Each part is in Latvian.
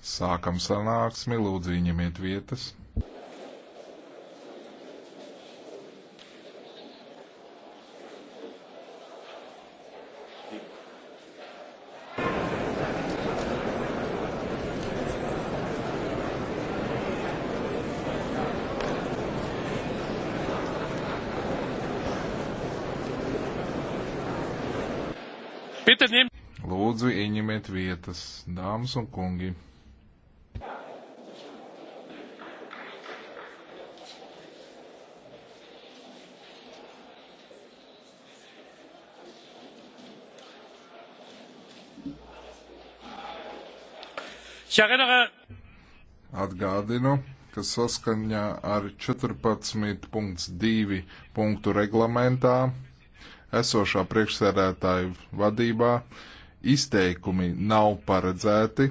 Sākam sanāksmi, lūdzu, ņemiet vietas. Bitte nehmen Lūdzu, ieņemiet vietas, dāmas un kungi. Atgādinu, ka saskaņā ar 14.2 punktu reglamentā esošā priekšsēdētāju vadībā izteikumi nav paredzēti,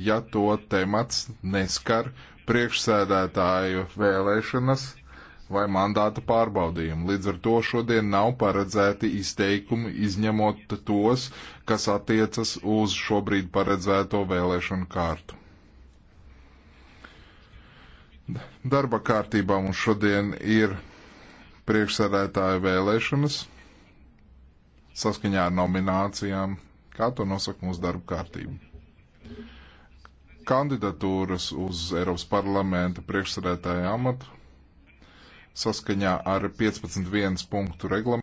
ja to temats neskar priekšsēdētāju vēlēšanas vai mandāta pārbaudījumu. Līdz ar to šodien nav paredzēti izteikumi, izņemot tos, kas attiecas uz šobrīd paredzēto vēlēšanu kārtu. Darba kārtībā mums šodien ir priekšsēdētāju vēlēšanas saskaņā ar nominācijām kā to nosaka mūsu darba kārtība. Kandidatūras uz Eiropas parlamenta priekšsēdētāja amatu saskaņā ar 15.1 punktu reglamentu.